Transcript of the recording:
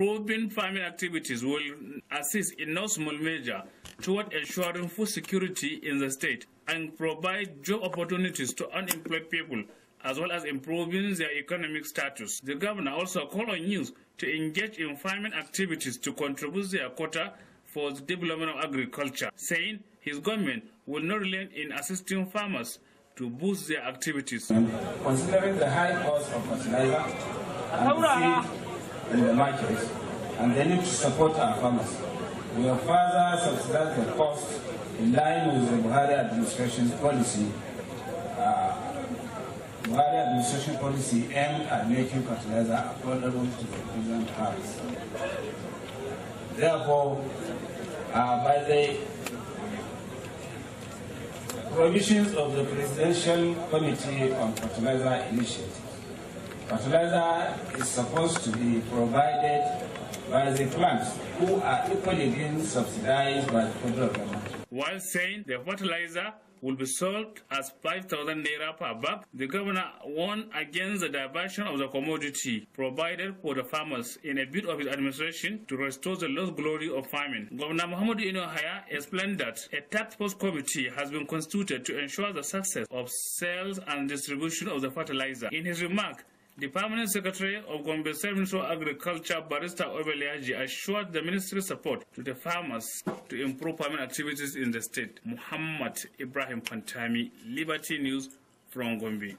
Improving farming activities will assist in no small measure toward ensuring food security in the state and provide job opportunities to unemployed people as well as improving their economic status. The governor also called on youth to engage in farming activities to contribute their quota for the development of agriculture, saying his government will not relent in assisting farmers to boost their activities. Considering the high cost of fertilizer in the market, and they need to support our farmers. We have further subsidized the cost in line with the Buhari administration's policy. Uh, Buhari administration policy aimed at making fertilizer affordable to the present farmers. Therefore, uh, by the provisions of the Presidential Committee on Fertilizer Initiative, Fertilizer is supposed to be provided by the plants who are equally being subsidized by the federal government. While saying the fertilizer will be sold as 5,000 naira per bag. The governor warned against the diversion of the commodity provided for the farmers in a bid of his administration to restore the lost glory of farming. Governor Muhammad Inohaya explained that a task force committee has been constituted to ensure the success of sales and distribution of the fertilizer. In his remark, the Permanent Secretary of Gombe State Ministry of Agriculture, Barista Obeliaji, assured the ministry's support to the farmers to improve farming activities in the state. Muhammad Ibrahim Pantami, Liberty News from Gombe.